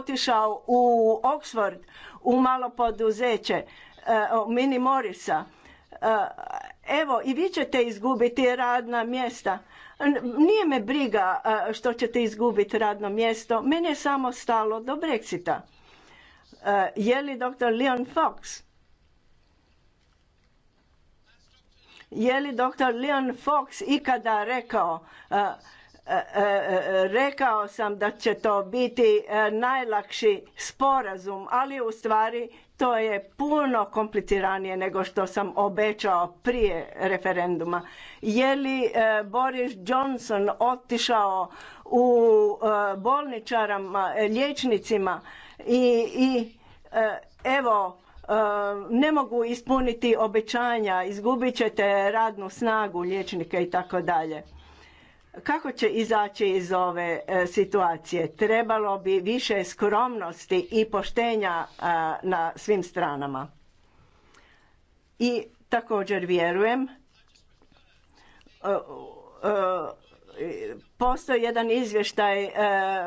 otišao u Oxford, u malo poduzeće, e, mini Morisa. E, evo, i vi ćete izgubiti radna mjesta. Nije me briga e, što ćete izgubiti radno mjesto, meni je samo stalo do Brexita. Je li dr. Leon Fox? Je li dr. Leon Fox ikada rekao E, e, e, rekao sam da će to biti najlakši sporazum, ali u stvari to je puno kompliciranije nego što sam obećao prije referenduma. Je li Boris Johnson otišao u bolničarama, liječnicima i, evo ne mogu ispuniti obećanja, izgubit ćete radnu snagu liječnika i tako dalje kako će izaći iz ove e, situacije? Trebalo bi više skromnosti i poštenja e, na svim stranama. I također vjerujem e, postoji jedan izvještaj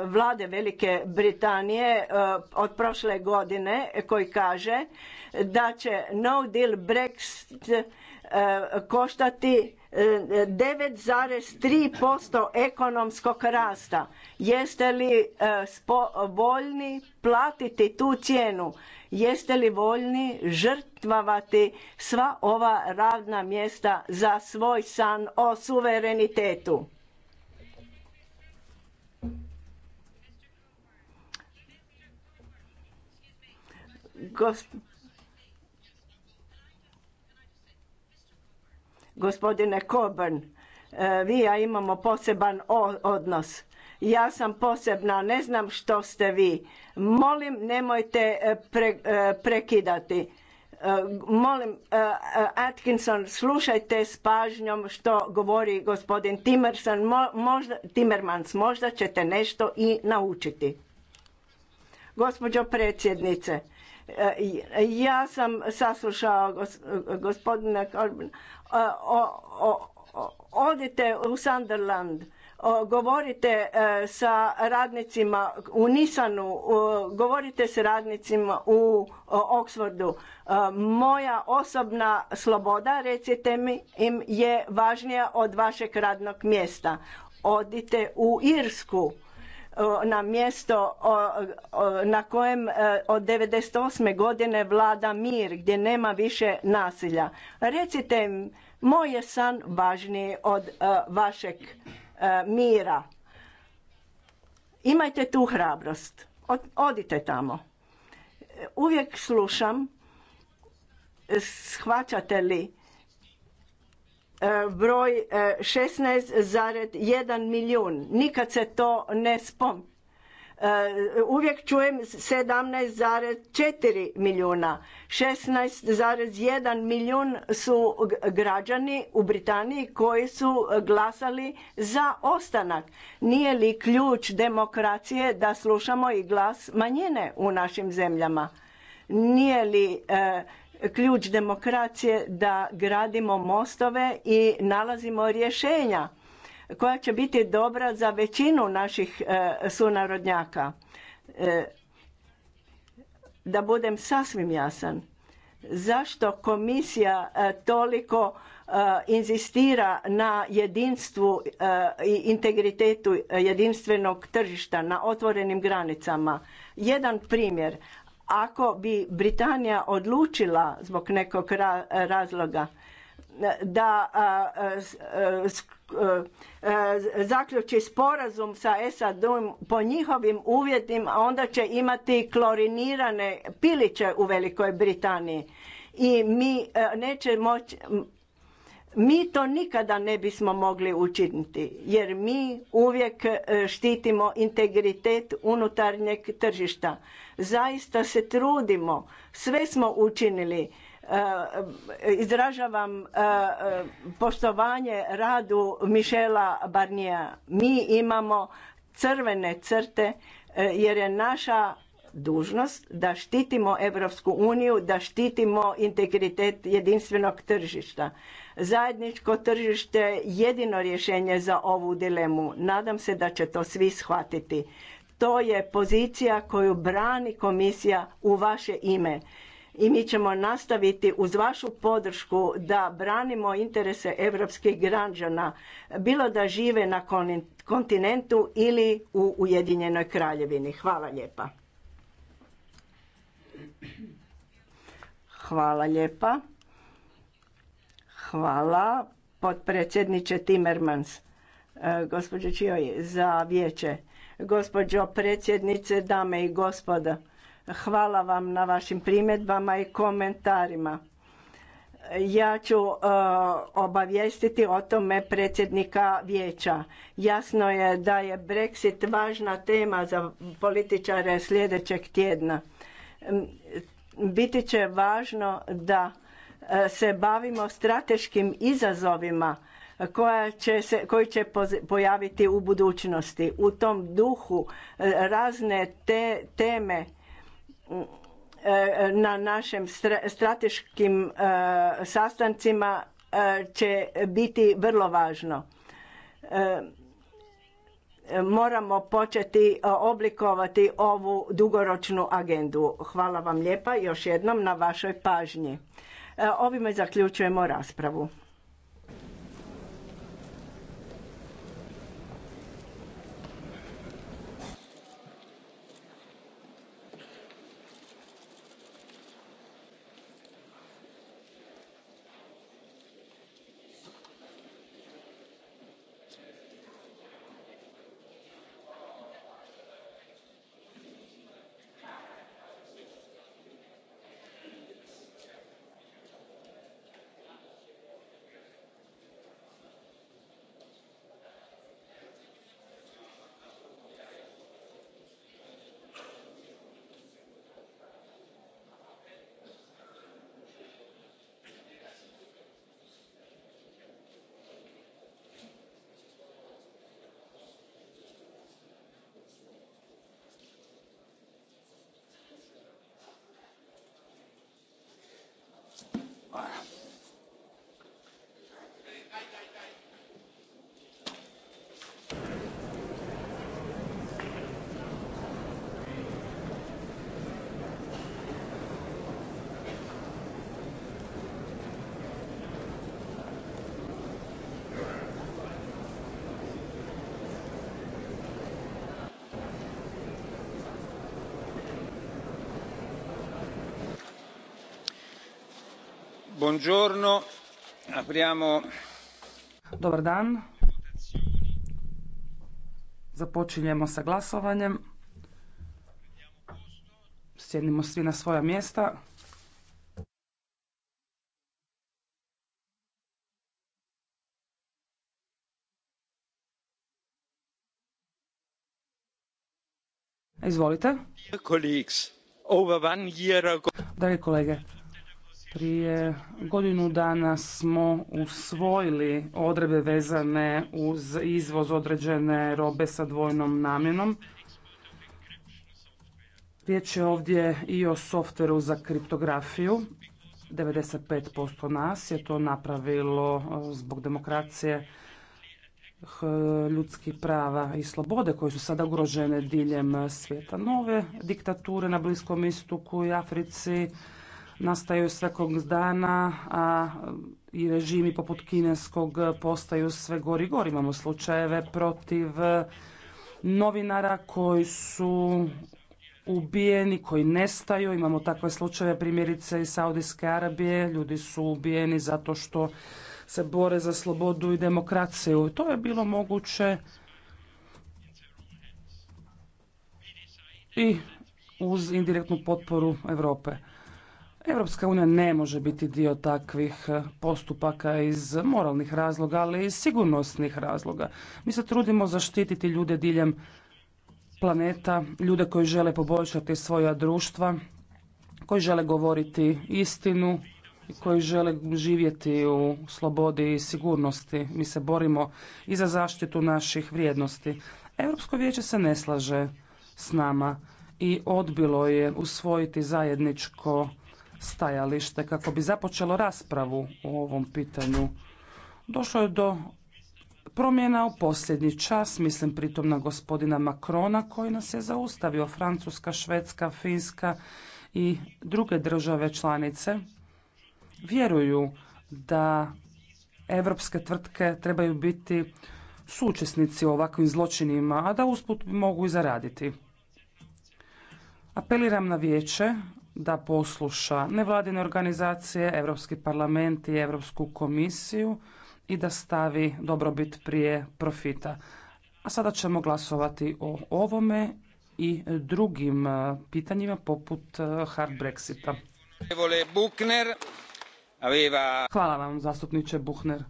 vlade Velike Britanije od prošle godine koji kaže da će no deal Brexit koštati 9,3% ekonomskog rasta. Jeste li e, voljni platiti tu cijenu? Jeste li voljni žrtvavati sva ova radna mjesta za svoj san o suverenitetu? Gospodine Coburn, e, vi ja imamo poseban odnos. Ja sam posebna, ne znam što ste vi. Molim, nemojte e, e, prekidati. Molim, Atkinson, slušajte s pažnjom što govori gospodin Timerson. možda, Timmermans, možda ćete nešto i naučiti. Gospođo predsjednice, ja sam saslušao gospodina Korbina. Odite u Sunderland, govorite e, sa radnicima u Nisanu, govorite sa radnicima u Oxfordu. E, moja osobna sloboda, recite mi, im je važnija od vašeg radnog mjesta. Odite u Irsku na mjesto na kojem e, od 98. godine vlada mir, gdje nema više nasilja. Recite im, moj je san važniji od e, vašeg e, mira. Imajte tu hrabrost. Odite tamo. Uvijek slušam, shvaćate li E, broj 16,1 e, milijun. Nikad se to ne spom. E, uvijek čujem 17,4 milijuna. 16,1 milijun su građani u Britaniji koji su glasali za ostanak. Nije li ključ demokracije da slušamo i glas manjine u našim zemljama? Nije li ključ demokracije da gradimo mostove i nalazimo rješenja koja će biti dobra za većinu naših e, sunarodnjaka. E, da budem sasvim jasan, zašto komisija e, toliko inzistira na jedinstvu i integritetu jedinstvenog tržišta na otvorenim granicama. Jedan primjer, ako bi Britanija odlučila zbog nekog razloga da zaključi sporazum sa sad po njihovim uvjetima, onda će imati klorinirane piliće u Velikoj Britaniji i mi neće moći mi to nikada ne bismo mogli učiniti jer mi uvijek e, štitimo integritet unutarnjeg tržišta. Zaista se trudimo, sve smo učinili. E, izražavam e, poštovanje radu Mišela Barnija. Mi imamo crvene crte jer je naša dužnost da štitimo Europsku uniju, da štitimo integritet jedinstvenog tržišta. Zajedničko tržište je jedino rješenje za ovu dilemu. Nadam se da će to svi shvatiti. To je pozicija koju brani komisija u vaše ime i mi ćemo nastaviti uz vašu podršku da branimo interese europskih građana, bilo da žive na kontinentu ili u Ujedinjenoj kraljevini. Hvala lijepa. Hvala lijepa. Hvala, potpredsjedniče Timmermans, e, gospođo Čioj, za vijeće. Gospođo predsjednice, dame i gospoda, hvala vam na vašim primjedbama i komentarima. Ja ću e, obavijestiti o tome predsjednika vijeća. Jasno je da je Brexit važna tema za političare sljedećeg tjedna. Biti će važno da E, se bavimo strateškim izazovima e, koja će se, koji će pojaviti u budućnosti. U tom duhu e, razne te teme na našim strateškim sastancima će biti vrlo važno. Moramo početi oblikovati ovu dugoročnu agendu. Hvala vam lijepa još jednom na vašoj pažnji. E, ovime zaključujemo raspravu. Buongiorno. Dobar dan. Započinjemo sa glasovanjem. Sjednimo svi na svoja mjesta. Izvolite. Dragi kolege, prije godinu dana smo usvojili odrebe vezane uz izvoz određene robe sa dvojnom namjenom. Riječ je ovdje i o softveru za kriptografiju. 95% nas je to napravilo e, zbog demokracije, ljudskih prava i slobode koje su sada ugrožene diljem svijeta. Nove diktature na Bliskom istoku i Africi nastaju svakog dana, a i režimi poput kineskog postaju sve gori i gori. Imamo slučajeve protiv e, novinara koji su ubijeni, koji nestaju. Imamo takve slučajeve primjerice iz Saudijske Arabije. Ljudi su ubijeni zato što se bore za slobodu i demokraciju. To je bilo moguće i uz indirektnu potporu Europe. Europska unija ne može biti dio takvih e, postupaka iz moralnih razloga, ali i sigurnosnih razloga. Mi se trudimo zaštititi ljude diljem planeta, ljude koji žele poboljšati svoja društva, koji žele govoriti istinu koji žele živjeti u slobodi i sigurnosti. Mi se borimo i za zaštitu naših vrijednosti. Europsko vijeće se ne slaže s nama i odbilo je usvojiti zajedničko stajalište kako bi započelo raspravu o ovom pitanju. Došlo je do promjena u posljednji čas, mislim pritom na gospodina Makrona koji nas je zaustavio, Francuska, Švedska, Finska i druge države članice vjeruju da evropske tvrtke trebaju biti sučesnici u ovakvim zločinima, a da usput mogu i zaraditi. Apeliram na vijeće da posluša nevladine organizacije, Europski parlament i Europsku komisiju i da stavi dobrobit prije profita. A sada ćemo glasovati o ovome i drugim e, pitanjima poput e, hard Brexita. Hvala vam zastupniče Buchner.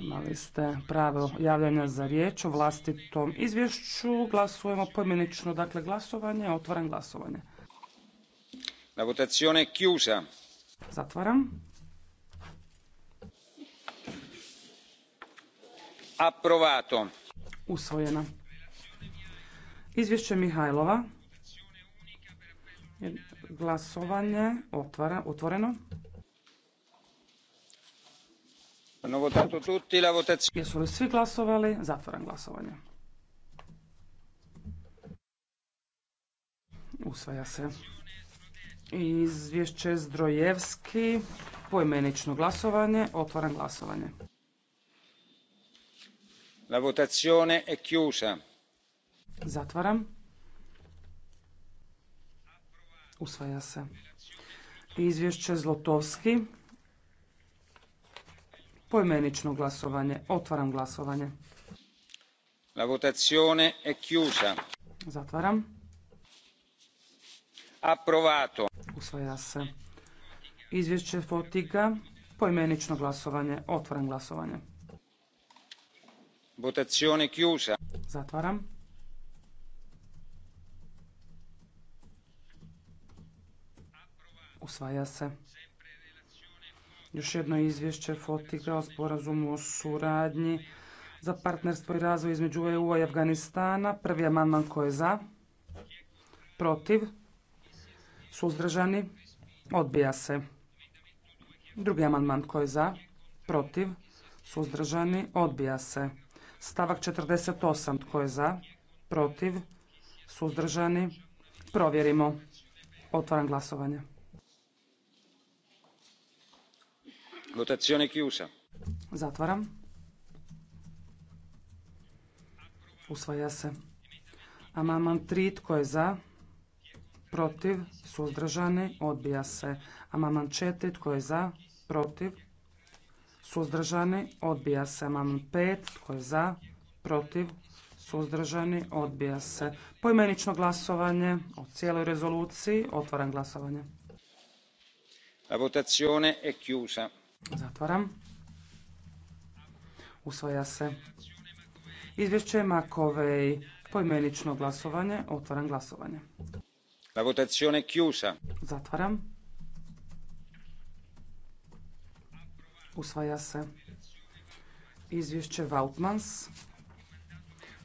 Imali ste pravo javljanja za riječ o vlastitom izvješću. Glasujemo pojmenično, dakle glasovanje, otvaram glasovanje. La votazione è chiusa. Zatvaram. Approvato. Usvojeno. Izvješće Mihajlova. Glasovanje otvoreno. Jesu li svi glasovali? Zatvaram glasovanje. Usvaja se. Izvješće Zdrojevski, poimenično glasovanje, otvaram glasovanje. La votazione è chiusa. Zatvaram. Usvaja se. Izvješće Zlotovski, poimenično glasovanje, otvaram glasovanje. La votazione è chiusa. Zatvaram. Approvato Usvaja se. Izvješće Fotiga, poimenično glasovanje, otvoren glasovanje. Votazione chiusa. Zatvaram. Usvaja se. Još jedno izvješće Fotiga o sporazumu o suradnji za partnerstvo i razvoj između EU i Afganistana. Prvi amandman ko je za? Protiv? Suzdržani? Odbija se. Drugi amandman tko je za? Protiv? Suzdržani? Odbija se. Stavak 48. Tko je za? Protiv? Suzdržani? Provjerimo. Otvaram glasovanje. Votazione chiusa. Zatvaram. Usvaja se. Amandman 3. Tko je za? protiv, suzdržani, odbija se. Amandman četiri, tko je za, protiv, suzdržani, odbija se. Amandman pet, tko je za, protiv, suzdržani, odbija se. Poimenično glasovanje o cijeloj rezoluciji, otvaram glasovanje. La votazione è chiusa. Zatvaram. Usvaja se. Izvješće Makovej, poimenično glasovanje, otvaram glasovanje. La votazione chiusa. Zatvaram. Usvaja se izvješće Vautmans.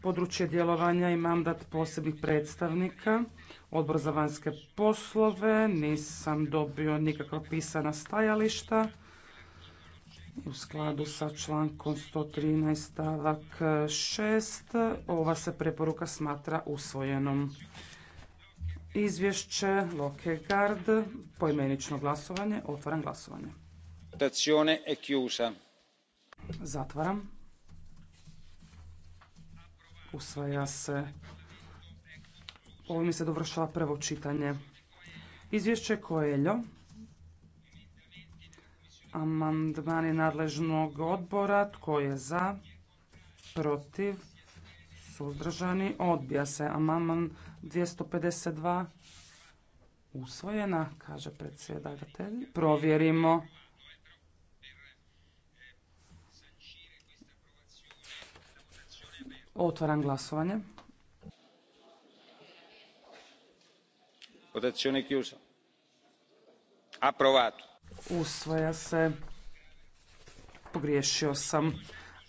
Područje djelovanja i mandat posebnih predstavnika. Odbor za vanjske poslove. Nisam dobio nikakva pisana stajališta. U skladu sa člankom 113 stavak 6 ova se preporuka smatra usvojenom. Izvješće Lokegard, poimenično glasovanje, otvaram glasovanje. Votazione è chiusa. Zatvaram. Usvaja se. Ovime se dovršava prvo čitanje. Izvješće Koeljo. Amandmani nadležnog odbora. Tko je za? Protiv? Suzdržani? Odbija se. Amandman 252 usvojena, kaže predsjedatelj. Provjerimo. Otvaram glasovanje. Votazione chiusa. Approvato. usvoja se. Pogriješio sam.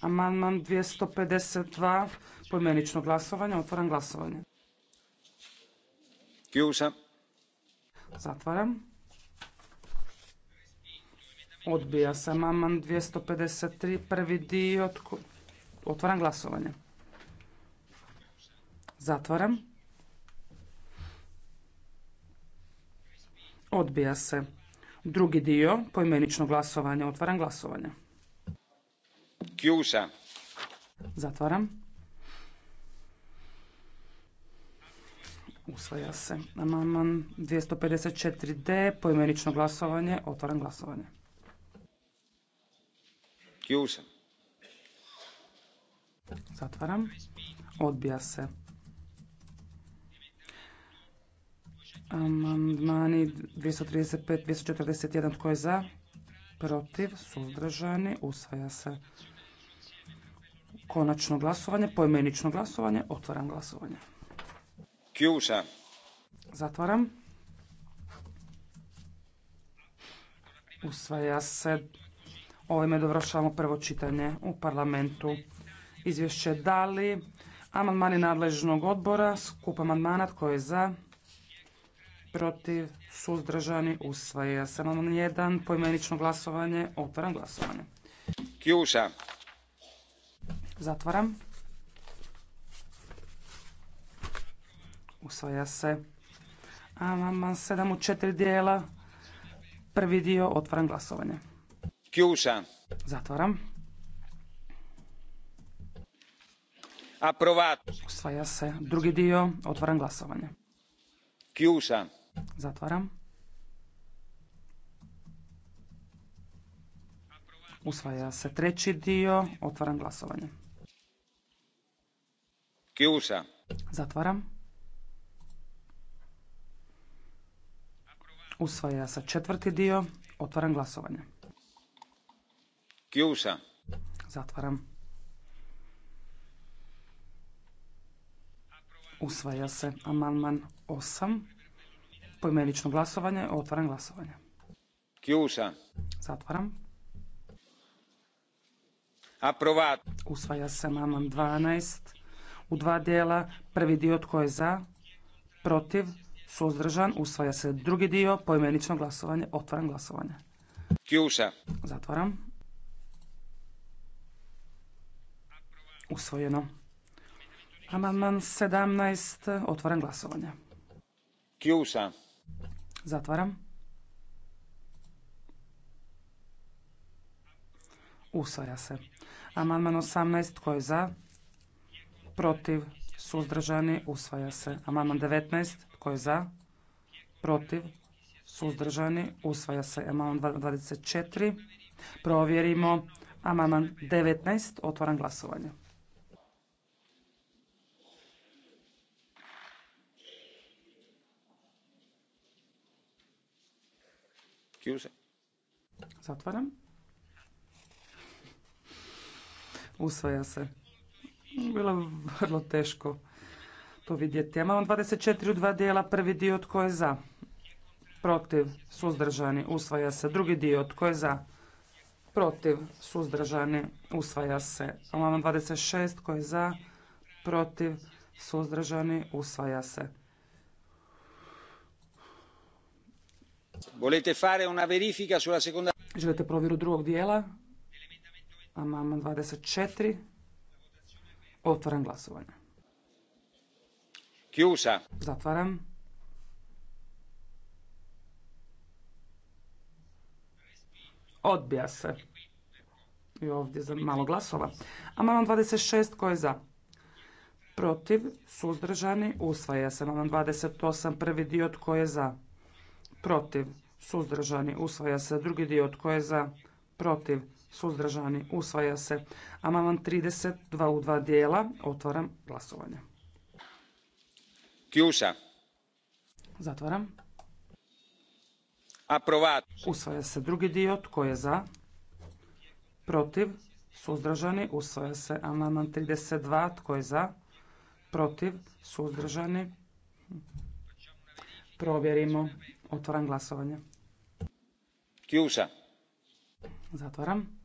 Amandman 252. Pojmenično glasovanje. Otvaram glasovanje. Zatvaram. Odbija se amandman 253, prvi dio. Otvaram glasovanje. Zatvaram. Odbija se. Drugi dio, poimenično glasovanje. Otvaram glasovanje. Kjusa. Zatvaram. Usvaja se. Amandman 254D, poimenično glasovanje, otvaram glasovanje. Zatvaram. Odbija se. Amandmani 235, 241, tko je za? Protiv, suzdržani, usvaja se. Konačno glasovanje, poimenično glasovanje, otvaram glasovanje. Kjuša. Zatvaram. Usvaja se. Ovime dovršavamo prvo čitanje u parlamentu. Izvješće dali. Amandmani nadležnog odbora. Skup amandmana tko je za? Protiv? Suzdržani? Usvaja se. Amandman jedan, Poimenično glasovanje. Otvaram glasovanje. Kjuša. Zatvaram. Usvaja se. Amandman sedam u četiri dijela. Prvi dio, otvaram glasovanje. Kjuša. Zatvaram. Aprovato. Usvaja se. Drugi dio, otvaram glasovanje. Kjuša. Zatvaram. Usvaja se treći dio, otvaram glasovanje. Kjuša. Zatvaram. Usvaja se četvrti dio. Otvaram glasovanje. Kjusa. Zatvaram. Usvaja se amandman osam. Poimenično glasovanje. Otvaram glasovanje. Kjusa. Zatvaram. Aprovat. Usvaja se amandman 12. U dva dijela. Prvi dio tko je za? Protiv? Suzdržan? Usvaja se. Drugi dio, poimenično glasovanje. Otvaram glasovanje. Kjuša. Zatvaram. Usvojeno. Amandman 17. Otvaram glasovanje. Kjuša. Zatvaram. Usvaja se. Amandman 18. Tko je za? Protiv? Suzdržani? Usvaja se. Amandman 19. Tko je za? Protiv? Suzdržani? Usvaja se amandman 24. Provjerimo amandman 19. Otvaram glasovanje. Zatvaram. Usvaja se. Bilo je vrlo teško to vidjeti. Amandman 24 u dva dijela, prvi dio tko je za, protiv, suzdržani, usvaja se. Drugi dio tko je za, protiv, suzdržani, usvaja se. Amandman 26 tko je za, protiv, suzdržani, usvaja se. Volete fare una verifica sulla seconda... Želite provjeru drugog dijela? Amandman 24. otvoren glasovanje. Zatvaram. Odbija se. I ovdje za malo glasova. Amandman 26, koje je za? Protiv, suzdržani, usvaja se. Amandman 28, prvi dio, tko je za? Protiv, suzdržani, usvaja se. Drugi dio, tko je za? Protiv, suzdržani, usvaja se. Amandman trideset 32 u dva dijela. Otvaram glasovanje. Chiusa. Zatvaram. Usvaja se drugi dio. Tko je za? Protiv? Suzdržani? Usvaja se amandman 32. Tko je za? Protiv? Suzdržani? Provjerimo. Otvaram glasovanje. Zatvoram. Zatvaram.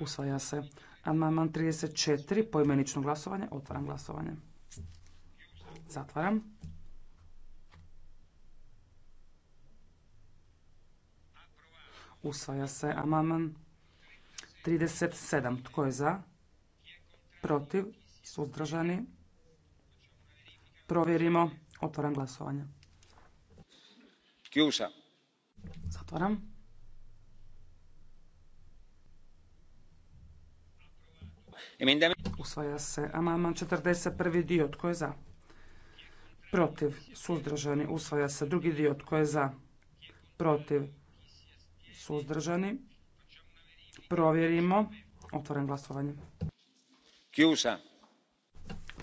Usvaja se. Amandman 34, poimenično glasovanje. Otvaram glasovanje. Zatvaram. Usvaja se amandman 37. Tko je za? Protiv? Suzdržani? Provjerimo. Otvaram glasovanje. Zatvaram. Usvaja se amandman 41. dio. Tko je za? Protiv. Suzdržani. Usvaja se drugi dio. Tko je za? Protiv. Suzdržani. Provjerimo. Otvaram glasovanje. Kjusa.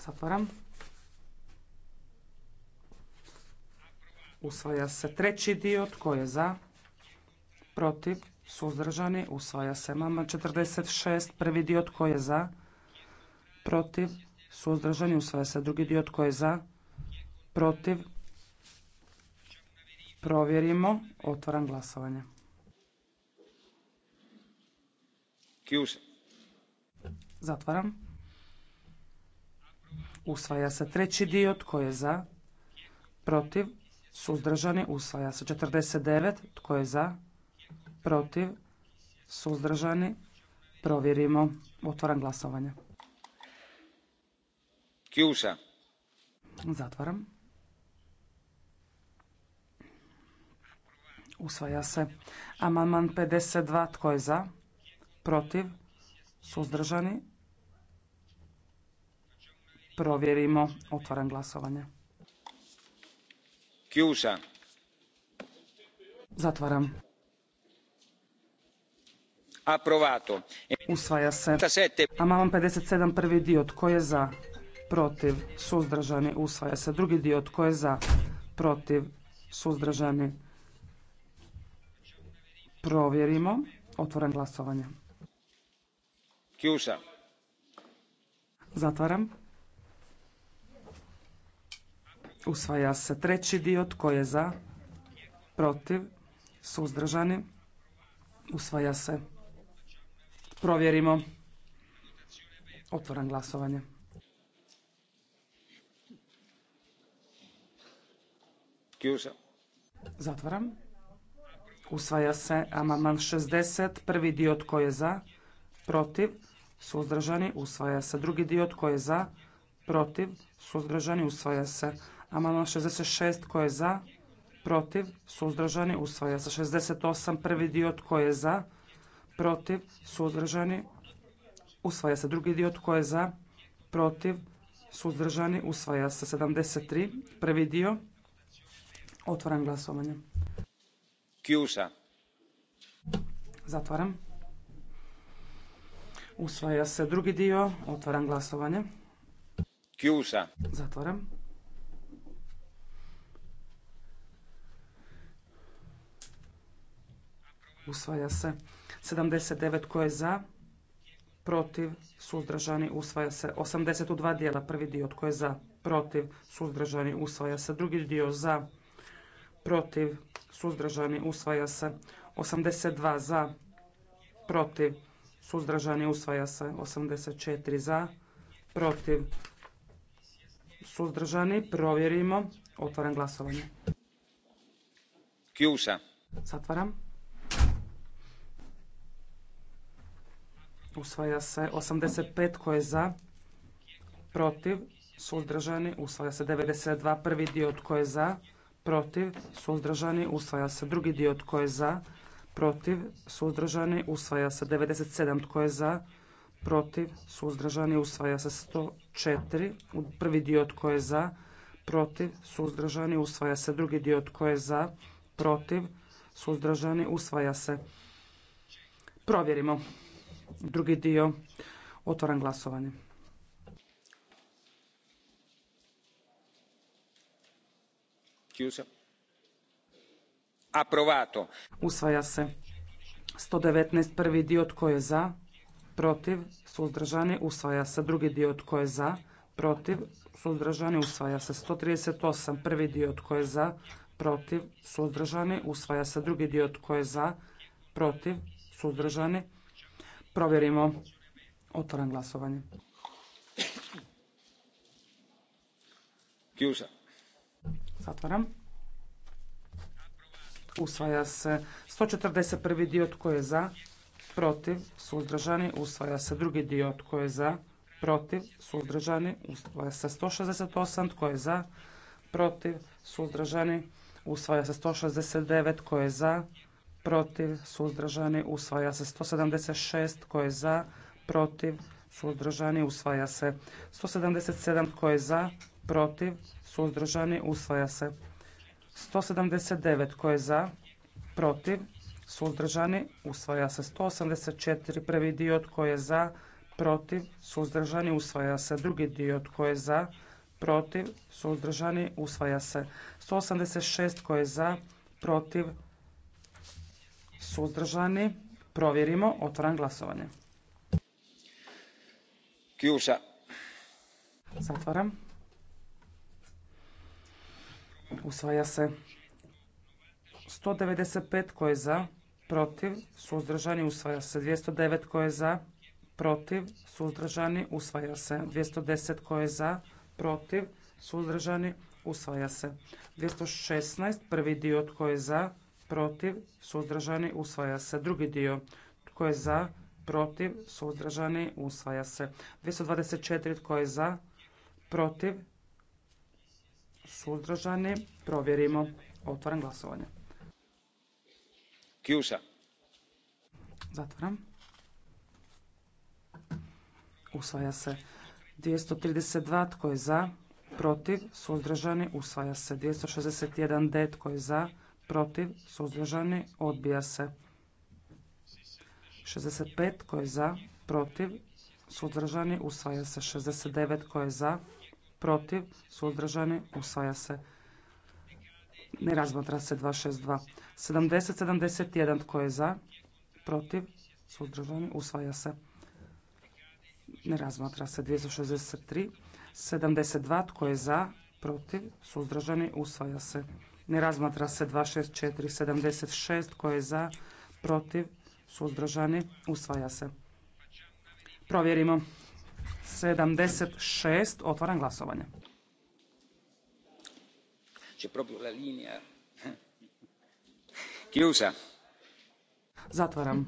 Zatvaram. Usvaja se treći dio. Tko je za? Protiv suzdržani, usvaja se. Amandman 46, prvi dio tko je za, protiv, suzdržani, usvaja se. Drugi dio tko je za, protiv, provjerimo, otvaram glasovanje. Zatvaram. Usvaja se treći dio, tko je za, protiv, suzdržani, usvaja se 49, tko je za, protiv, suzdržani, provjerimo. Otvaram glasovanje. Kjuša. Zatvaram. Usvaja se. Amandman 52. Tko je za? Protiv? Suzdržani? Provjerimo. Otvaram glasovanje. Chiusa. Zatvaram usvaja se amandman 57 prvi dio tko je za protiv suzdržani usvaja se drugi dio tko je za protiv suzdržani provjerimo otvaram glasovanje zatvaram usvaja se treći dio tko je za protiv suzdržani usvaja se provjerimo. Otvoran glasovanje. Zatvaram. Usvaja se amandman 60, prvi dio tko je za, protiv, suzdržani, usvaja se. Drugi dio tko je za, protiv, suzdržani, usvaja se. Amandman 66 tko je za, protiv, suzdržani, usvaja se. 68, prvi dio tko je za, protiv, suzdržani, usvaja se. Drugi dio tko je za, protiv, suzdržani, usvaja se. 73. Prvi dio. Otvaram glasovanje. Kjusa. Zatvaram. Usvaja se drugi dio. Otvaram glasovanje. Kjusa. Zatvaram. usvaja se. 79 koje je za, protiv, suzdržani, usvaja se. 80 dva dijela, prvi dio tko je za, protiv, suzdržani, usvaja se. Drugi dio za, protiv, suzdržani, usvaja se. 82 za, protiv, suzdržani, usvaja se. 84 za, protiv, suzdržani, provjerimo. Otvaram glasovanje. Kjusa. Zatvaram. usvaja se 85 tko je za, protiv, suzdržani, usvaja se 92 prvi dio tko je za, protiv, suzdržani, usvaja se drugi dio tko je za, protiv, suzdržani, usvaja se 97 tko je za, protiv, suzdržani, usvaja se 104, prvi dio tko je za, protiv, suzdržani, usvaja se drugi dio tko je za, protiv, suzdržani, usvaja se. Provjerimo. Drugi dio. Otvaram glasovanje. Chiuso. Usvaja se. 119. prvi dio tko je za, protiv, suzdržani, usvaja se. Drugi dio tko je za, protiv, suzdržani, usvaja se. 138. prvi dio tko je za, protiv, suzdržani, usvaja se. Drugi dio tko je za, protiv, suzdržani, Provjerimo. Otvaram glasovanje. Zatvaram. Usvaja se 141. dio tko je za, protiv, suzdržani. Usvaja se drugi dio tko je za, protiv, suzdržani. Usvaja se 168. Tko je za, protiv, suzdržani. Usvaja se 169. Tko je za, protiv, suzdržani, usvaja se. 176 koje za, protiv, suzdržani, usvaja se. 177 koje za, protiv, suzdržani, usvaja se. 179 koje za, protiv, suzdržani, usvaja se. 184 prvi dio tko je za, protiv, suzdržani, usvaja se. Drugi dio tko je za, protiv, suzdržani, usvaja se. 186 koje za, protiv, suzdržani, provjerimo, otvaram glasovanje. Kjuša. Zatvaram. Usvaja se 195 koje za, protiv, suzdržani, usvaja se 209 koje za, protiv, suzdržani, usvaja se 210 koje za, protiv, suzdržani, usvaja se 216 prvi dio tko je za, protiv, suzdržani, usvaja se. Drugi dio, tko je za, protiv, suzdržani, usvaja se. 224, tko je za, protiv, suzdržani, provjerimo. Otvaram glasovanje. Kjusa. Zatvaram. Usvaja se. 232, tko je za, protiv, suzdržani, usvaja se. 261, D, tko je za, protiv, suzdržani, odbija se. 65 tko za, protiv, suzdržani, usvaja se. 69 tko za, protiv, suzdržani, usvaja se. Ne razmatra se 262. 70, 71 tko je za, protiv, suzdržani, usvaja se. Ne razmatra se 263. 72 tko je za, protiv, suzdržani, usvaja se. Ne razmatra se 26476, šest je za? Protiv? Suzdržani? Usvaja se. Provjerimo. 76. Otvaram glasovanje. proprio la Zatvaram.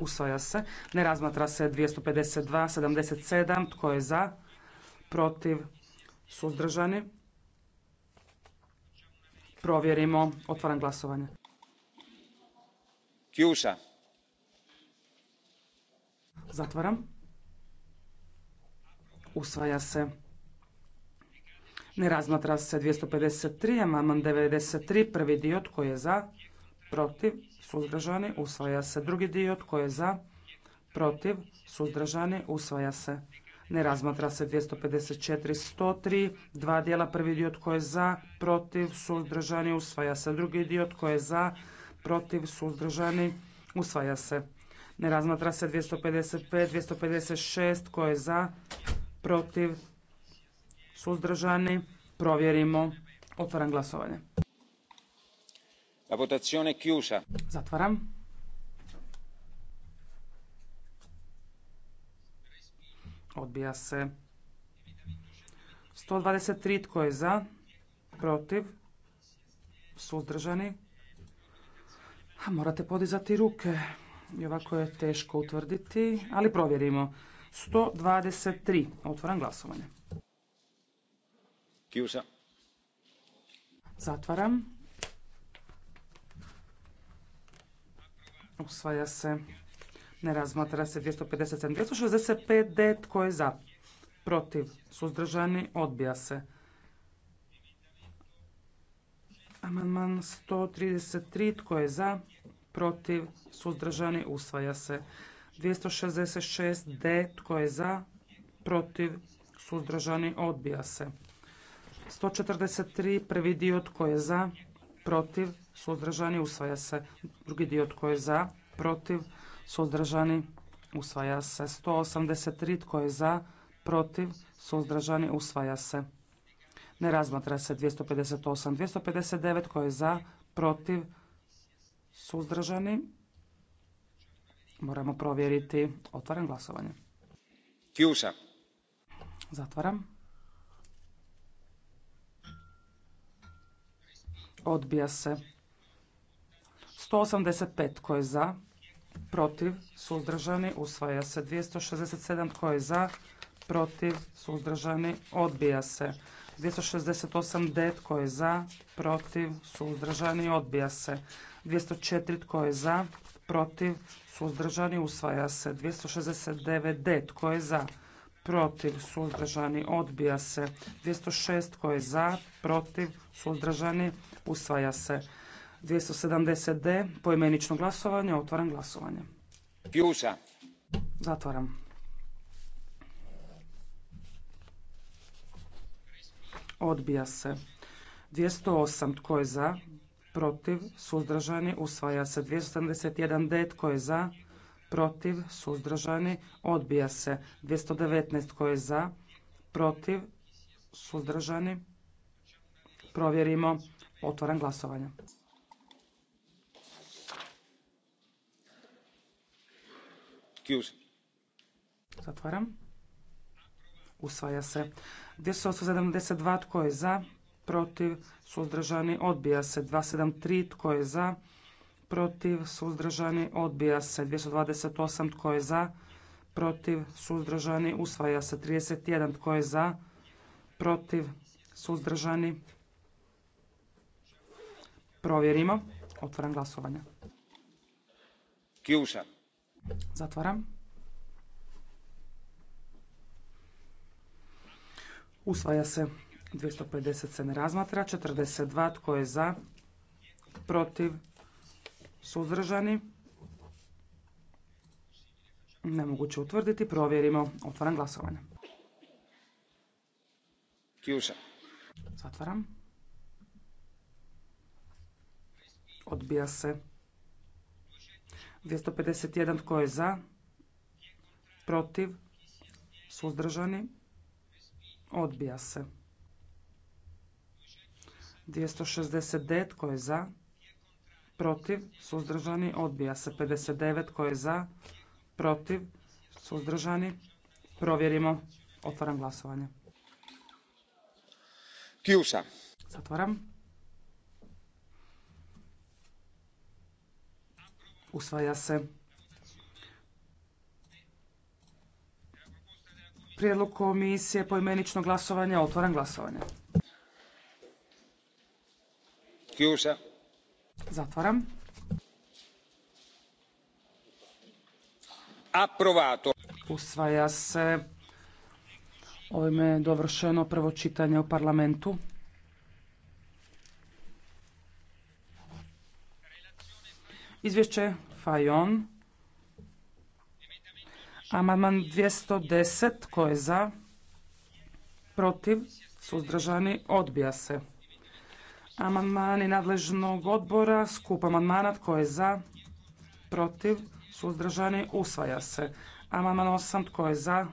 Usvaja se. Ne razmatra se 252, 77. Tko je za? Protiv? Suzdržani? provjerimo. Otvaram glasovanje. Zatvaram. Usvaja se. Ne razmatra se 253, amandman 93, prvi dio tko je za, protiv, suzdržani, usvaja se. Drugi dio tko je za, protiv, suzdržani, usvaja se. Ne razmatra se 254, 103, dva dijela, prvi dio tko je za, protiv, suzdržani, usvaja se. Drugi dio tko je za, protiv, suzdržani, usvaja se. Ne razmatra se 255, 256, tko je za, protiv, suzdržani, provjerimo. Otvaram glasovanje. votazione Zatvaram. odbija se. 123 tko je za, protiv, suzdržani. A morate podizati ruke i ovako je teško utvrditi, ali provjerimo. 123. Otvaram glasovanje. Zatvaram. Usvaja se. Ne razmatra se 257. 265 D. Tko je za? Protiv. Suzdržani. Odbija se. Amandman 133. Tko je za? Protiv. Suzdržani. Usvaja se. 266 D. Tko je za? Protiv. Suzdržani. Odbija se. 143. Prvi dio. Tko je za? Protiv. Suzdržani. Usvaja se. Drugi dio. Tko je za? Protiv suzdržani, usvaja se. 183 tko je za, protiv, suzdržani, usvaja se. Ne razmatra se 258. 259 tko je za, protiv, suzdržani. Moramo provjeriti. Otvaram glasovanje. Kjusa. Zatvaram. Odbija se. 185 tko je za, protiv, suzdržani, usvaja se. 267 tko je za, protiv, suzdržani, odbija se. 268 D koje je za, protiv, suzdržani, odbija se. 204 koje je za, protiv, suzdržani, usvaja se. 269 D tko je za, protiv, suzdržani, odbija se. 206 tko je za, protiv, suzdržani, usvaja se. 270D, poimenično glasovanje, otvaram glasovanje. Pjusa. Zatvaram. Odbija se. 208. Tko je za? Protiv. Suzdržani. Usvaja se. 271D. Tko je za? Protiv. Suzdržani. Odbija se. 219. Tko je za? Protiv. Suzdržani. Provjerimo. Otvaram glasovanje. Zatvaram. Usvaja se. 272 tko je za, protiv, suzdržani, odbija se. 273 tko je za, protiv, suzdržani, odbija se. 228 tko je za, protiv, suzdržani, usvaja se. 31 tko je za, protiv, suzdržani. Provjerimo. Otvaram glasovanje. Kjuša. Zatvaram. Usvaja se. 250 se ne razmatra. 42 tko je za? Protiv? Suzdržani? Nemoguće utvrditi. Provjerimo. Otvaram glasovanje. Kjuša. Zatvaram. Odbija se. 251 tko je za? Protiv? Suzdržani? Odbija se. 269 tko je za? Protiv? Suzdržani? Odbija se. 59 tko je za? Protiv? Suzdržani? Provjerimo. Otvaram glasovanje. Kjusa. Zatvaram. Usvaja se. Prijedlog komisije poimenično glasovanje. Otvaram glasovanje. Kjuša. Zatvaram. Aprovato. Usvaja se. Ovime je dovršeno prvo čitanje u parlamentu. Izvješće Fajon. Amandman 210. Tko je za? Protiv? Suzdržani? Odbija se. Amandmani nadležnog odbora. Skup amandmana. Tko je za? Protiv? Suzdržani? Usvaja se. Amandman 8. Tko je za?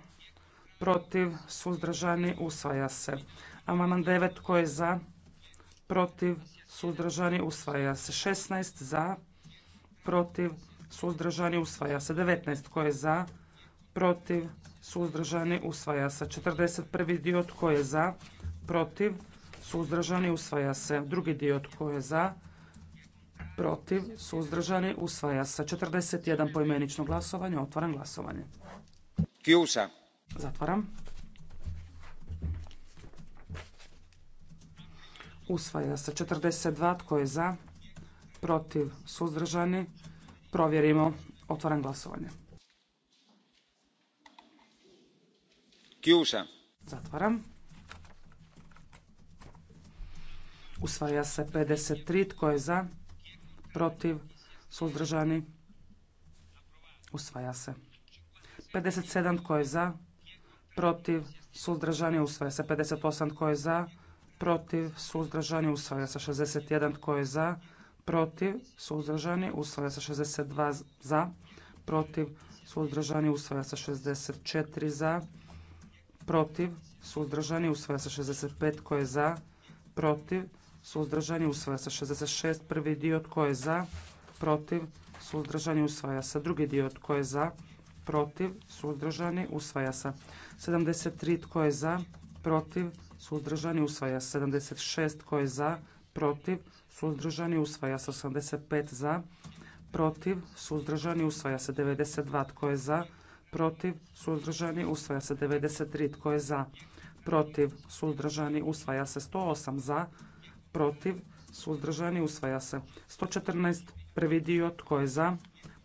Protiv? Suzdržani? Usvaja se. Amandman 9. Tko je za? Protiv? Suzdržani? Usvaja se. 16. Za? protiv, suzdržani, usvaja se. 19. Tko je za? Protiv, suzdržani, usvaja se. 41. dio. Tko je za? Protiv, suzdržani, usvaja se. Drugi dio. Tko je za? Protiv, suzdržani, usvaja se. 41. poimenično glasovanje. Otvaram glasovanje. Kjusa. Zatvaram. Usvaja se. 42. Tko je za? protiv, suzdržani. Provjerimo. Otvaram glasovanje. Kjuša. Zatvaram. Usvaja se 53. Tko je za? Protiv? Suzdržani? Usvaja se. 57. Tko je za? Protiv? Suzdržani? Usvaja se. 58. Tko je za? Protiv? Suzdržani? Usvaja se. 61. Tko je za? protiv, suzdržani, usvaja se 62 za, protiv, suzdržani, usvaja se 64 za, protiv, suzdržani, usvaja se 65 tko je za, protiv, suzdržani, usvaja se 66 prvi dio tko je za, protiv, suzdržani, usvaja se drugi dio tko je za, protiv, suzdržani, usvaja se 73 tko je za, protiv, suzdržani, usvaja se 76 tko je za, protiv, suzdržani, usvaja se 85 za, protiv, suzdržani, usvaja se 92 tko je za, protiv, suzdržani, usvaja se 93 tko je za, protiv, suzdržani, usvaja se 108 za, protiv, suzdržani, usvaja se 114 prvi dio tko je za,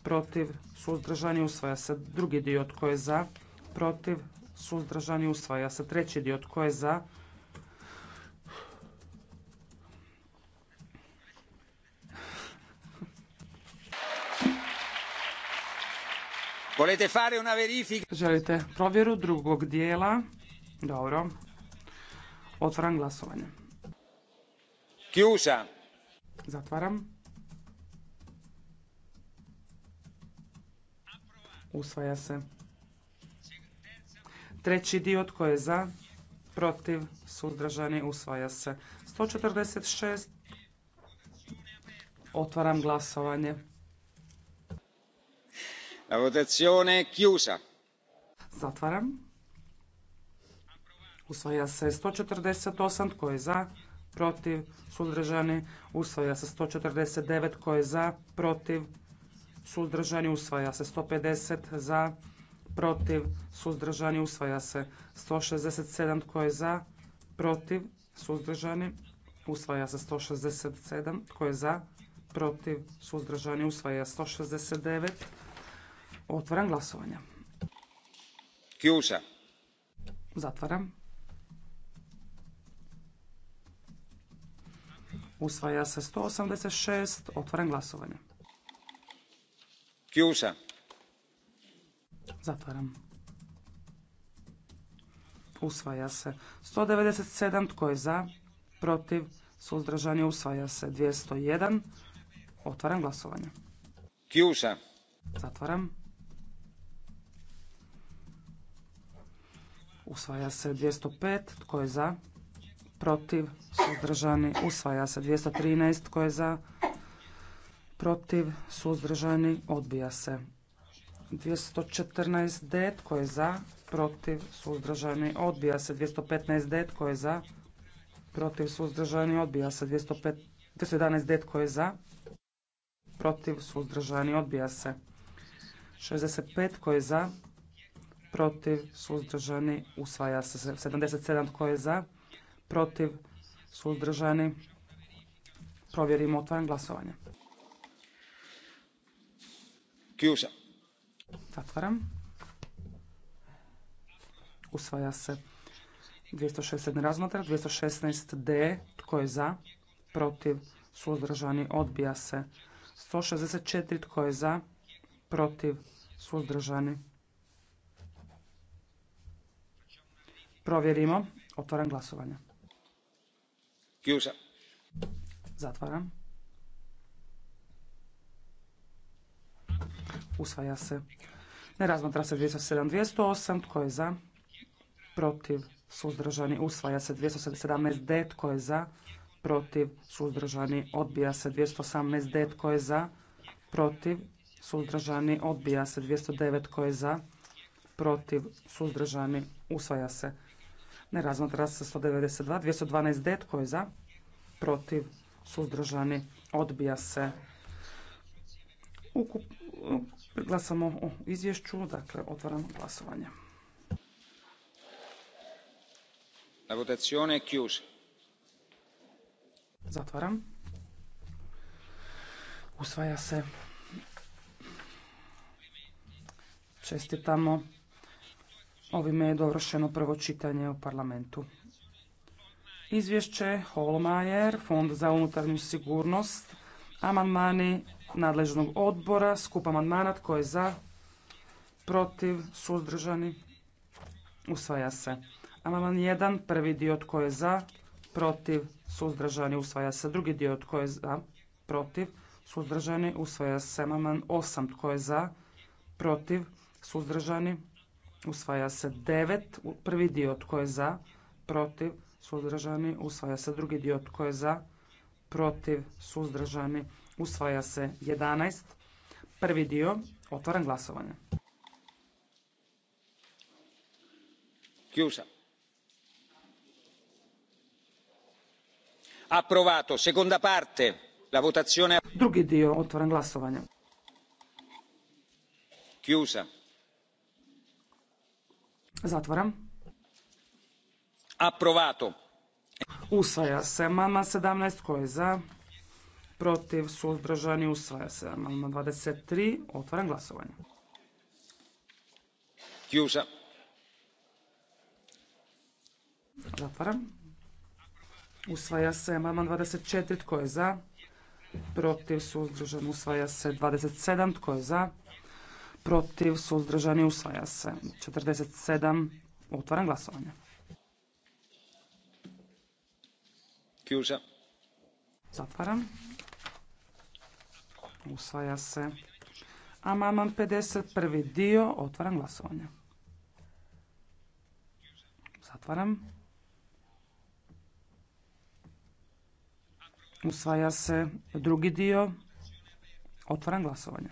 protiv, suzdržani, usvaja se drugi dio tko je za, protiv, suzdržani, usvaja se treći dio tko je za, Želite provjeru drugog dijela? Dobro. Otvaram glasovanje. Kjuša. Zatvaram. Usvaja se. Treći dio tko je za, protiv, suzdržani, usvaja se. 146. Otvaram glasovanje. La votazione è chiusa. Zatvaram. Usvaja se 148, tko je za, protiv, suzdržani. Usvaja se 149, tko je za, protiv, suzdržani. Usvaja se 150, za, protiv, suzdržani. Usvaja se 167, tko je za, protiv, suzdržani. Usvaja se 167, tko je za, protiv, suzdržani. Usvaja 169 Otvaram glasovanje. Kjuša. Zatvaram. Usvaja se 186. Otvaram glasovanje. Kjuša. Zatvaram. Usvaja se 197. Tko je za? Protiv? Suzdržani? Usvaja se 201. Otvaram glasovanje. Kjuša. Zatvaram. Usvaja se 205. Tko je za? Protiv? Suzdržani? Usvaja se 213. Tko je za? Protiv? Suzdržani? Odbija se. 214 D. Tko je za? Protiv? Suzdržani? Odbija se. 215 D. Tko je za? Protiv? Suzdržani? Odbija se. 211 D. Tko je za? Protiv? Suzdržani? Odbija se. 65. Tko je za? protiv, suzdržani, usvaja se 77 tko je za, protiv, suzdržani, provjerimo, otvaram glasovanje. Kjuša. Zatvaram. Usvaja se 206 razmatra, 216D, tko je za, protiv, suzdržani, odbija se. 164, tko je za, protiv, suzdržani, Provjerimo. Otvaram glasovanje. Zatvaram. Usvaja se. Ne razmatra se 207, 208. Tko je za? Protiv. Suzdržani. Usvaja se 217 D. Tko je za? Protiv. Suzdržani. Odbija se 218 D. Tko je za? Protiv. Suzdržani. Odbija se 209. Tko je za? Protiv. Suzdržani. Usvaja se ne razmatra se 192. 212 det Tko za? Protiv. Suzdržani. Odbija se. Ukup, glasamo o izvješću. Dakle, otvaram glasovanje. La votazione è Zatvaram. Usvaja se. Čestitamo Ovime je dovršeno prvo čitanje u parlamentu. Izvješće Holmajer, Fond za unutarnju sigurnost, amandmani nadležnog odbora, skup amandmana tko je za, protiv, suzdržani, usvaja se. Amandman 1, prvi dio tko je za, protiv, suzdržani, usvaja se. Drugi dio tko je za, protiv, suzdržani, usvaja se. Amandman 8, tko je za, protiv, suzdržani, usvaja se devet. prvi dio tko je za, protiv, suzdržani, usvaja se drugi dio tko je za, protiv, suzdržani, usvaja se 11, prvi dio, otvoren glasovanje. Chiusa. Approvato. Seconda parte. La votazione. Drugi dio, otvoren glasovanje. Chiusa Zatvaram. Usvaja se amandman 17. Tko je za? Protiv suzdržani usvaja se amandman 23. Otvaram glasovanje. Zatvaram. Usvaja se amandman 24. Tko je za? Protiv suzdržan usvaja se 27. Tko je za? protiv, suzdržani, usvaja se. 47, otvaram glasovanje. Kjuža. Zatvaram. Usvaja se. Amaman 51. dio, otvaram glasovanje. Zatvaram. Usvaja se drugi dio. Otvaram glasovanje.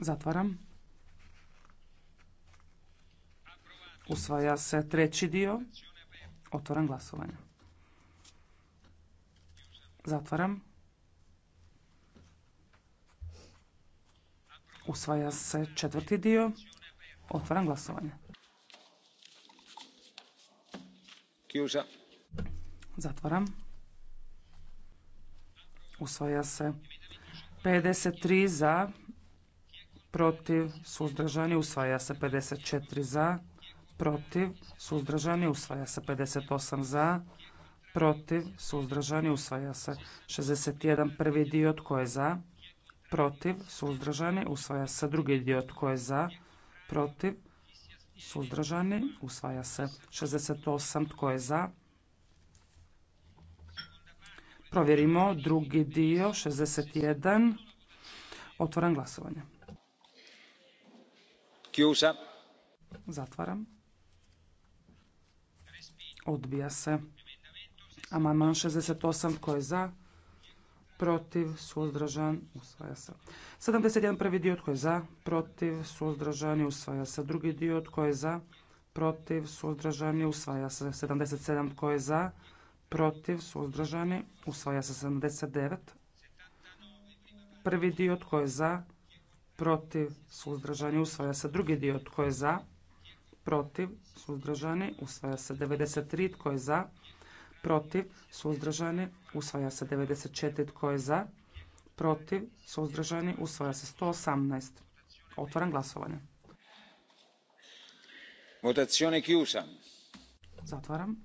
Zatvaram. Usvaja se treći dio. Otvaram glasovanje. Zatvaram. Usvaja se četvrti dio. Otvaram glasovanje. Zatvaram. Usvaja se 53 za, protiv, suzdržani, usvaja se 54 za, protiv, suzdržani, usvaja se 58 za, protiv, suzdržani, usvaja se 61 prvi dio, tko je za, protiv, suzdržani, usvaja se drugi dio, tko je za, protiv, suzdržani, usvaja se 68, tko je za, Provjerimo drugi dio, 61. otvaram glasovanje. Zatvaram. Odbija se. Amandman 68. Tko je za? Protiv. Suzdržan. Usvaja se. 71. Prvi dio. Tko je za? Protiv. suzdržani, Usvaja se. Drugi dio. Tko je za? Protiv. suzdržani, Usvaja se. 77. Tko je za? Protiv. suzdržani, Usvaja se. 79. Prvi dio. Tko je za? protiv, suzdržani, usvaja se. Drugi dio tko je za, protiv, suzdržani, usvaja se. 93 tko je za, protiv, suzdržani, usvaja se. 94 tko je za, protiv, suzdržani, usvaja se. 118. Otvaram glasovanje. Votazione chiusa. Zatvaram.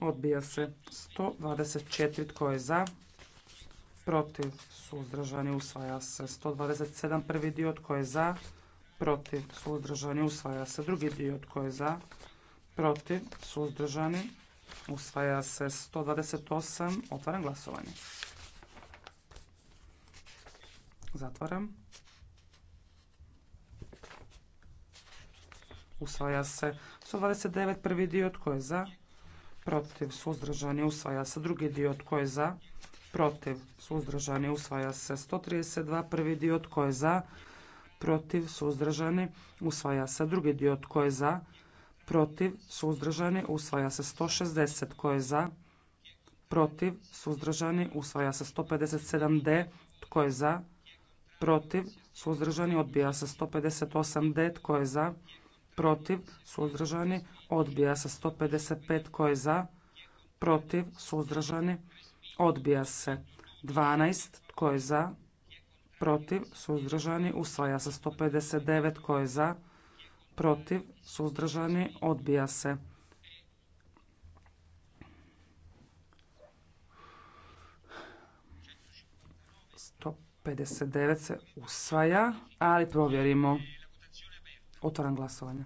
Odbija se 124. Tko je za? protiv, suzdržani, usvaja se. 127. prvi dio tko je za, protiv, suzdržani, usvaja se. Drugi dio tko je za, protiv, suzdržani, usvaja se. 128. Otvaram glasovanje. Zatvaram. Usvaja se. 129. prvi dio tko je za, protiv, suzdržani, usvaja se. Drugi dio tko je za, protiv, suzdržani, usvaja se 132 prvi dio, tko je za, protiv, suzdržani, usvaja se drugi dio, tko je za, protiv, suzdržani, usvaja se 160, tko je za, protiv, suzdržani, usvaja se 157D, tko je za, protiv, suzdržani, odbija se 158D, tko je za, protiv, suzdržani, odbija se 155, tko je za, protiv, suzdržani, Odbija se. 12. Tko je za? Protiv. Suzdržani. Usvaja se. 159. Tko je za? Protiv. Suzdržani. Odbija se. Sto pedeset devet se usvaja, ali provjerimo. Otvaram glasovanje.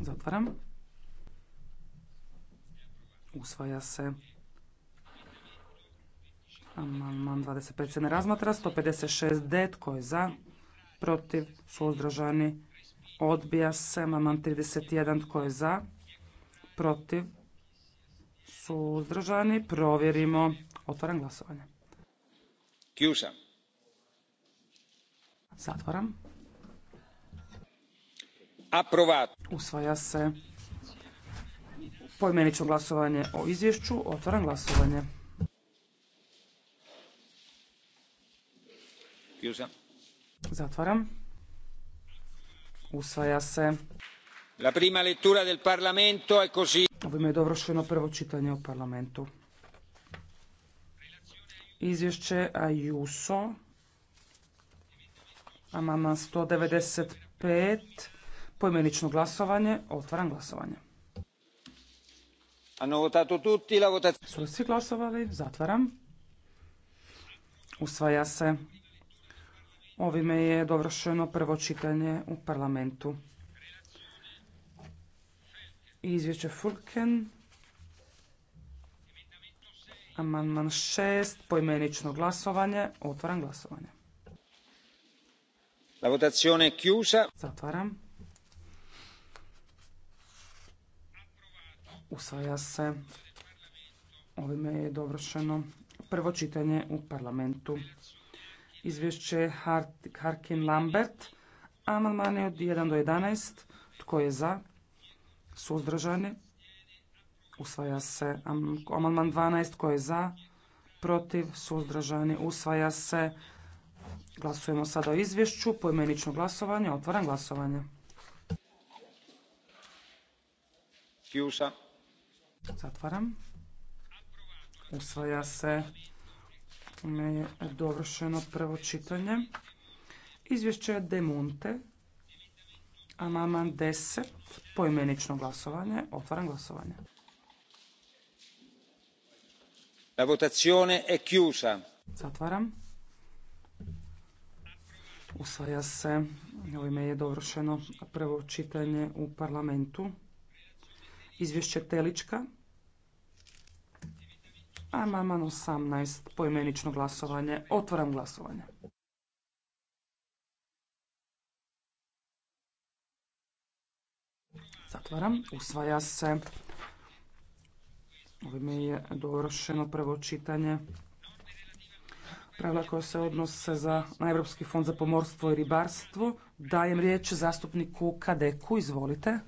Zatvaram. Usvaja se. Amandman 25 se ne razmatra. 156 D. Tko je za? Protiv? Suzdržani? Odbija se. Amandman 31. Tko je za? Protiv? Suzdržani? Provjerimo. Otvaram glasovanje. Kjuša. Zatvaram. Usvaja se poimenično glasovanje o izvješću. Otvaram glasovanje. Zatvaram. Usvaja se. La prima lettura del Parlamento è così. Ovime je dovršeno prvo čitanje u parlamentu. Izvješće Ajuso. Amandman 195. Poimenično glasovanje, otvaram glasovanje. Su svi glasovali? Zatvaram. Usvaja se. Ovime je dovršeno prvo čitanje u parlamentu. Izvješće Fulken. Amandman 6, poimenično glasovanje, otvaram glasovanje. La votazione è Zatvaram. Usvaja se. Ovime je dovršeno prvo čitanje u parlamentu. Izvješće Harkin Lambert. je od 1 do 11. Tko je za? Suzdržani? Usvaja se. Amandman 12. Tko je za? Protiv? Suzdržani? Usvaja se. Glasujemo sada o izvješću. Poimenično glasovanje. Otvaram glasovanje. Chiusa. Zatvaram. Usvaja se. dovršeno prvo čitanje. Izvješće Demunte. Monte. Amaman 10. Poimenično glasovanje. Otvaram glasovanje. La votazione è chiusa. Zatvaram. Usvaja se. ime je dovršeno prvo čitanje u parlamentu. Izvješće Telička. Amandman 18, poimenično glasovanje. Otvaram glasovanje. Zatvaram. Usvaja se. Ovime je dovršeno prvo čitanje. Pravila koja se odnose za, na Europski fond za pomorstvo i ribarstvo. Dajem riječ zastupniku Kadeku. Izvolite.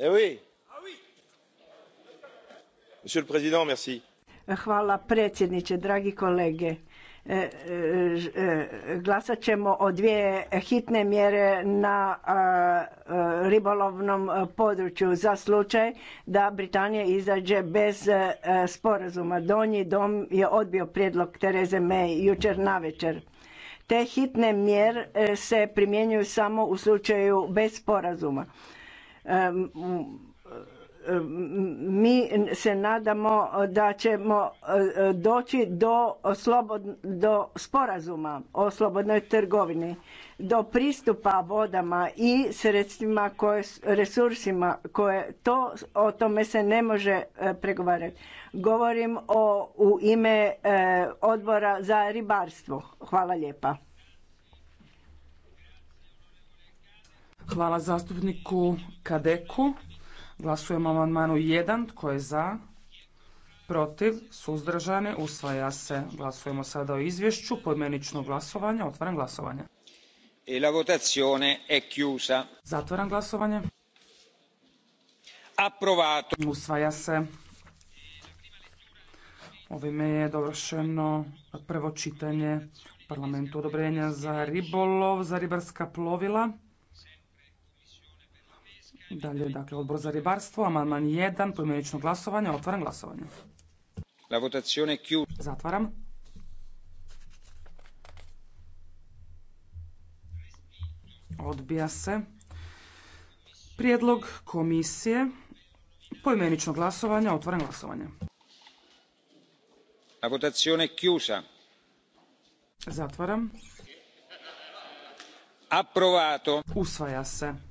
Eh ah Hvala predsjedniče, dragi kolege. E, e, e, glasat ćemo o dvije hitne mjere na ribolovnom području za slučaj da Britanija izađe bez sporazuma. Donji dom je odbio prijedlog Tereze May jučer navečer. Te hitne mjere se primjenjuju samo u slučaju bez sporazuma mi se nadamo da ćemo e, doći do, sporazuma o slobodnoj trgovini, do pristupa vodama i sredstvima, koje, resursima koje to, o tome se ne može e, pregovarati. Govorim o, u ime e, odbora za ribarstvo. Hvala lijepa. Hvala zastupniku Kadeku. Glasujemo o amandmanu 1. Tko je za? Protiv? Suzdržani? Usvaja se. Glasujemo sada o izvješću. pojmenično glasovanje. Otvaram glasovanje. E la votazione chiusa. Zatvaram glasovanje. Approvato. Usvaja se. Ovime je dovršeno prvo čitanje parlamentu odobrenja za ribolov, za ribarska plovila. Dalje, dakle, odbor za ribarstvo, amandman jedan. pojmenično glasovanje, otvaram glasovanje. La votazione chiusa. Zatvaram. Odbija se. Prijedlog komisije, pojmenično glasovanje, otvaram glasovanje. La votazione chiusa. Zatvaram. Approvato. Usvaja se.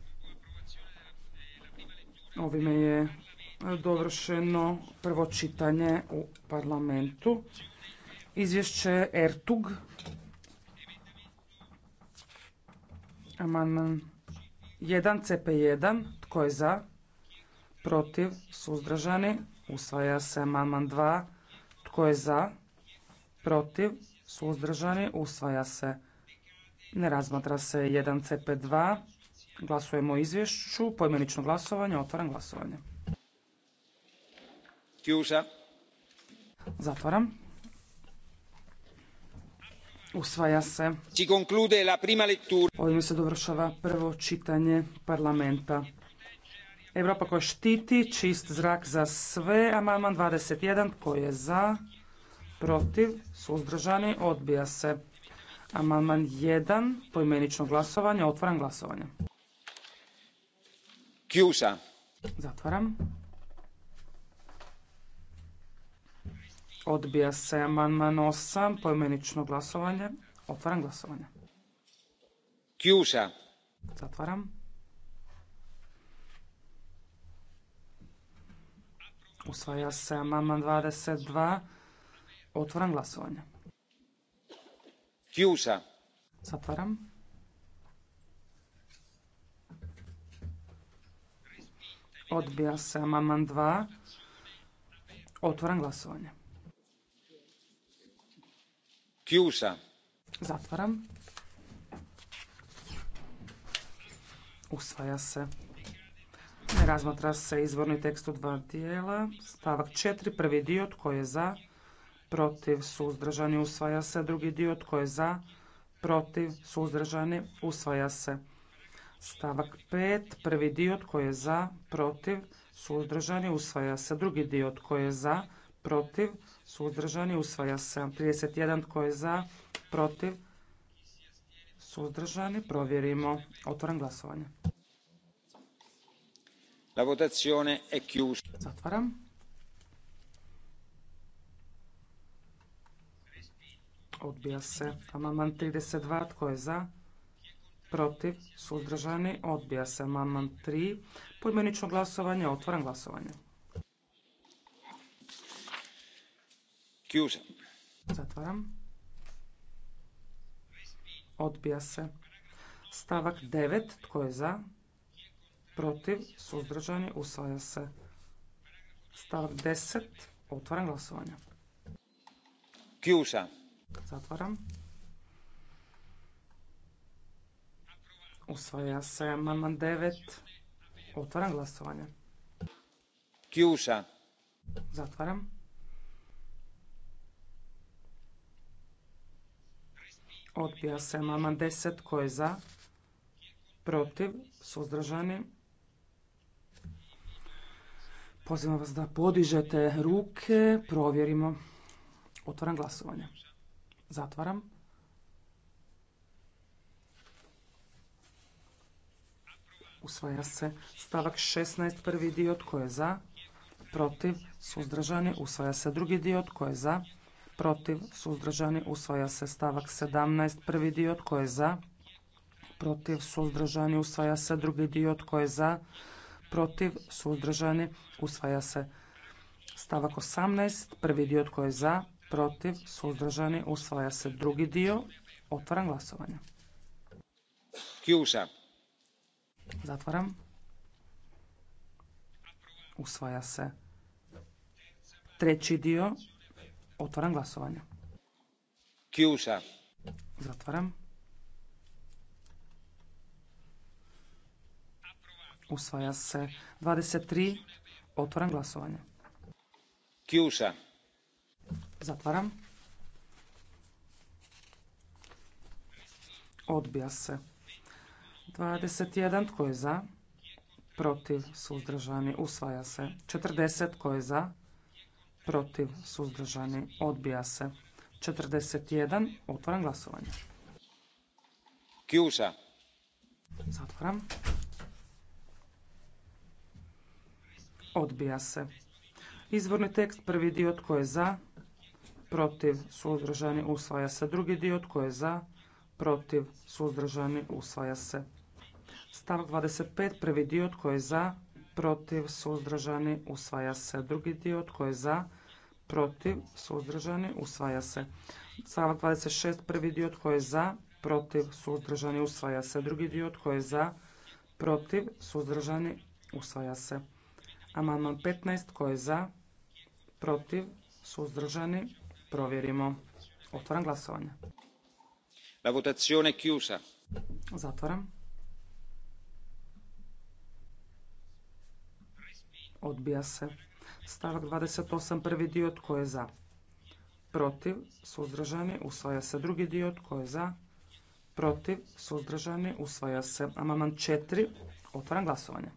Ovime je dovršeno prvo čitanje u parlamentu. Izvješće Ertug. Amandman 1 CP1. Tko je za? Protiv? Suzdržani? Usvaja se amandman 2. Tko je za? Protiv? Suzdržani? Usvaja se. Ne razmatra se 1 CP2. Glasujemo o izvješću, poimenično glasovanje, otvaram glasovanje. Chiusa. Zatvaram. Usvaja se. Si conclude la prima lettura. se dovršava prvo čitanje parlamenta. Europa koja štiti, čist zrak za sve, amandman 21, tko je za, protiv, suzdržani, odbija se. Amandman 1, pojmenično glasovanje, otvaram glasovanje. Zatvaram. Odbija se amandman osam poimenično glasovanje. Otvaram glasovanje. Chiusa. Zatvaram. Usvaja se amandman dva. Otvaram glasovanje. Chiusa. Zatvaram. Odbija se amandman 2. Otvaram glasovanje. Kjuša. Zatvaram. Usvaja se. Ne razmatra se izvorni tekst u dva dijela. Stavak 4. Prvi dio tko je za, protiv, suzdržani, usvaja se. Drugi dio tko je za, protiv, suzdržani, usvaja se. Stavak 5. Prvi dio tko je za, protiv, suzdržani, usvaja se. Drugi dio tko je za, protiv, suzdržani, usvaja se. 31 tko je za, protiv, suzdržani, provjerimo. Otvaram glasovanje. La votazione è chiusa. Zatvaram. Odbija se. Amandman 32. Tko je za? protiv, suzdržani, odbija se amandman 3. Poimenično glasovanje, otvaram glasovanje. Chiusa. Zatvaram. Odbija se. Stavak 9. Tko je za? Protiv, suzdržani, usvaja se. Stavak 10. Otvaram glasovanje. Chiusa. Zatvaram. Usvaja se amandman 9. Otvaram glasovanje. Kjuša. Zatvaram. Odbija se amandman 10. Ko je za? Protiv? Suzdržani? Pozivam vas da podižete ruke. Provjerimo. Otvaram glasovanje. Zatvaram. usvaja se. Stavak 16, prvi dio, tko je za? Protiv, suzdržani, usvaja se. Drugi dio, tko je za? Protiv, suzdržani, usvaja se. Stavak 17, prvi dio, tko je za? Protiv, suzdržani, usvaja se. Drugi dio, tko je za? Protiv, suzdržani, usvaja se. Stavak 18, prvi dio, tko je za? Protiv, suzdržani, usvaja se. Drugi dio, otvaram glasovanje. Chiusa. Zatvaram. Usvaja se. Treći dio. Otvaram glasovanje. Kjusa. Zatvaram. Usvaja se. 23. Otvaram glasovanje. Kjusa. Zatvaram. Odbija se. 21 tko je za? Protiv, suzdržani, usvaja se. 40 tko je za? Protiv, suzdržani, odbija se. 41, otvaram glasovanje. Kjusa. Zatvaram. Odbija se. Izvorni tekst, prvi dio tko je za, protiv, suzdržani, usvaja se. Drugi dio tko je za, protiv, suzdržani, usvaja se. Stavak 25. Prvi dio tko je za, protiv, suzdržani, usvaja se. Drugi dio tko je za, protiv, suzdržani, usvaja se. Stavak 26. Prvi dio tko je za, protiv, suzdržani, usvaja se. Drugi dio tko je za, protiv, suzdržani, usvaja se. Amandman 15. Tko je za, protiv, suzdržani, provjerimo. Otvaram glasovanje. La votazione chiusa. Zatvaram. Odbija se. Stavak 28. Prvi dio. Tko je za? Protiv. Suzdržani. Usvaja se. Drugi dio. Tko je za? Protiv. Suzdržani. Usvaja se. Amaman 4. Otvaram glasovanje.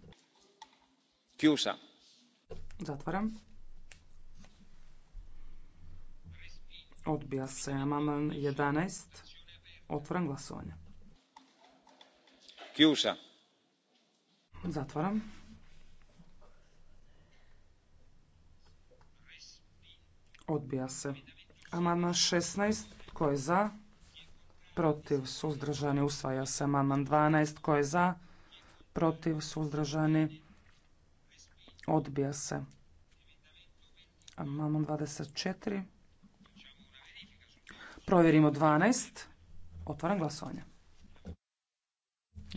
kjuša Zatvaram. Odbija se. Amaman 11. Otvaram glasovanje. Kjusa. Zatvaram. Odbija se. Amandman 16. Tko je za? Protiv. Suzdržani. Usvaja se. Amandman 12. Tko je za? Protiv. Suzdržani. Odbija se. Amandman 24. Provjerimo 12. Otvaram glasovanje.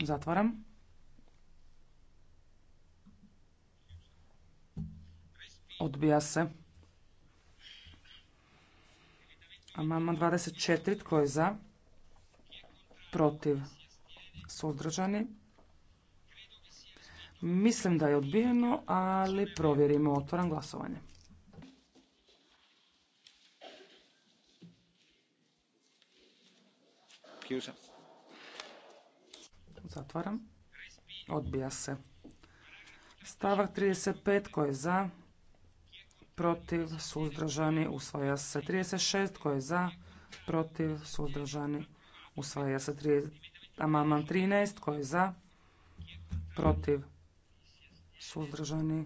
Zatvaram. Odbija se. Amandman 24. Tko je za? Protiv? Suzdržani? Mislim da je odbijeno, ali provjerimo. Otvoram glasovanje. Zatvaram. Odbija se. Stavak 35. Tko je za? protiv, suzdržani, usvaja se 36, tko je za, protiv, suzdržani, usvaja se 30, amandman 13, tko je za, protiv, suzdržani.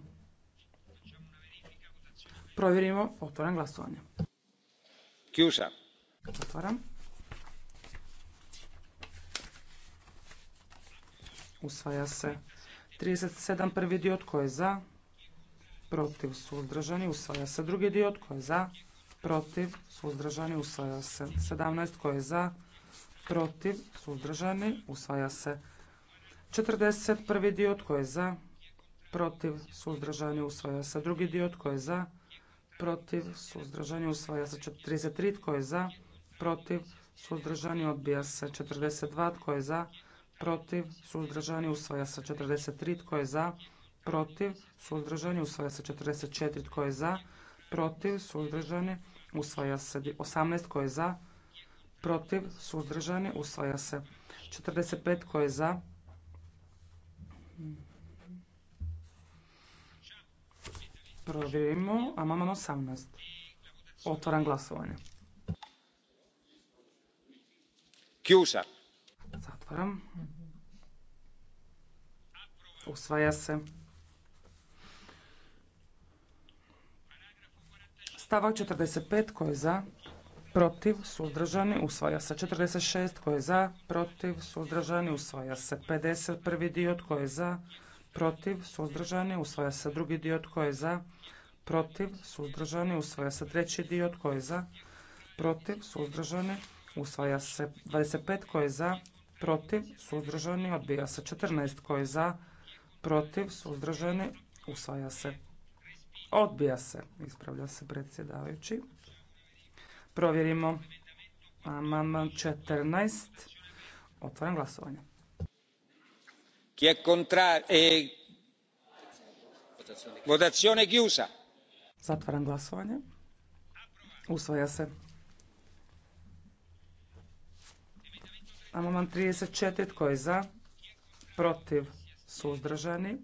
Provjerimo, otvoram glasovanje. Kjuša. Otvaram. Usvaja se 37. prvi dio, tko je za, protiv, suzdržani, usvaja se. Drugi dio tko je za, protiv, suzdržani, usvaja se. 17 tko je za, protiv, suzdržani, usvaja se. četrdeset prvi dio tko je za, protiv, suzdržani, usvaja se. Drugi dio tko je za, protiv, suzdržani, usvaja se. 33 tko je za, protiv, suzdržani, odbija se. 42 tko je za, protiv, suzdržani, usvaja se. 43 tko je za, protiv, suzdržani, usvaja se 44 tko je za, protiv, suzdržani, usvaja se 18 tko je za, protiv, suzdržani, usvaja se 45 tko je za, Provjerimo amandman 18. Otvaram glasovanje. Kjuša. Zatvaram. Usvaja se. Stavak 45. koji je za? Protiv? Suzdržani? Usvaja se. 46. Tko je za? Protiv? Suzdržani? Usvaja se. 51. dio. Tko je za? Protiv? Suzdržani? Usvaja se. Drugi dio. Tko je za? Protiv? Suzdržani? Usvaja se. Treći dio. Tko je za? Protiv? Suzdržani? Usvaja se. 25. koji je za? Protiv? Suzdržani? Odbija se. 14. koji je za? Protiv? Suzdržani? Usvaja se. Odbija se, ispravlja se predsjedavajući. Provjerimo amandman 14. Otvaram glasovanje. Chi è contra... E votazione chiusa. Zatvaram glasovanje. Usvaja se. Amandman 34. Tko je za? Protiv? Suzdržani?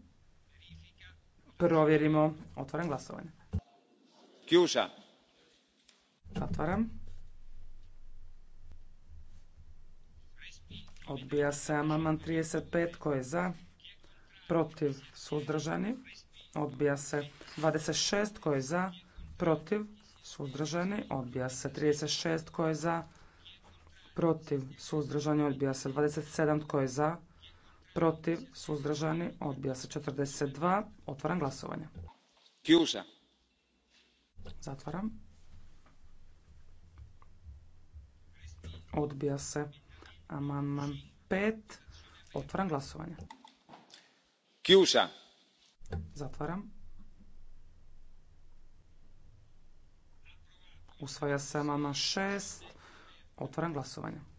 Provjerimo. Otvaram glasovanje. Kjuša. Otvaram. Odbija se amandman 35. Ko je za? Protiv. Suzdržani. Odbija se 26. Ko je za? Protiv. Suzdržani. Odbija se 36. Ko je za? Protiv. Suzdržani. Odbija se 27. Tko je za? protiv, suzdržani, odbija se 42. Otvaram glasovanje. Kjuza. Zatvaram. Odbija se amandman 5. Otvaram glasovanje. Kjuša. Zatvaram. Usvaja se amandman 6. Otvaram glasovanje.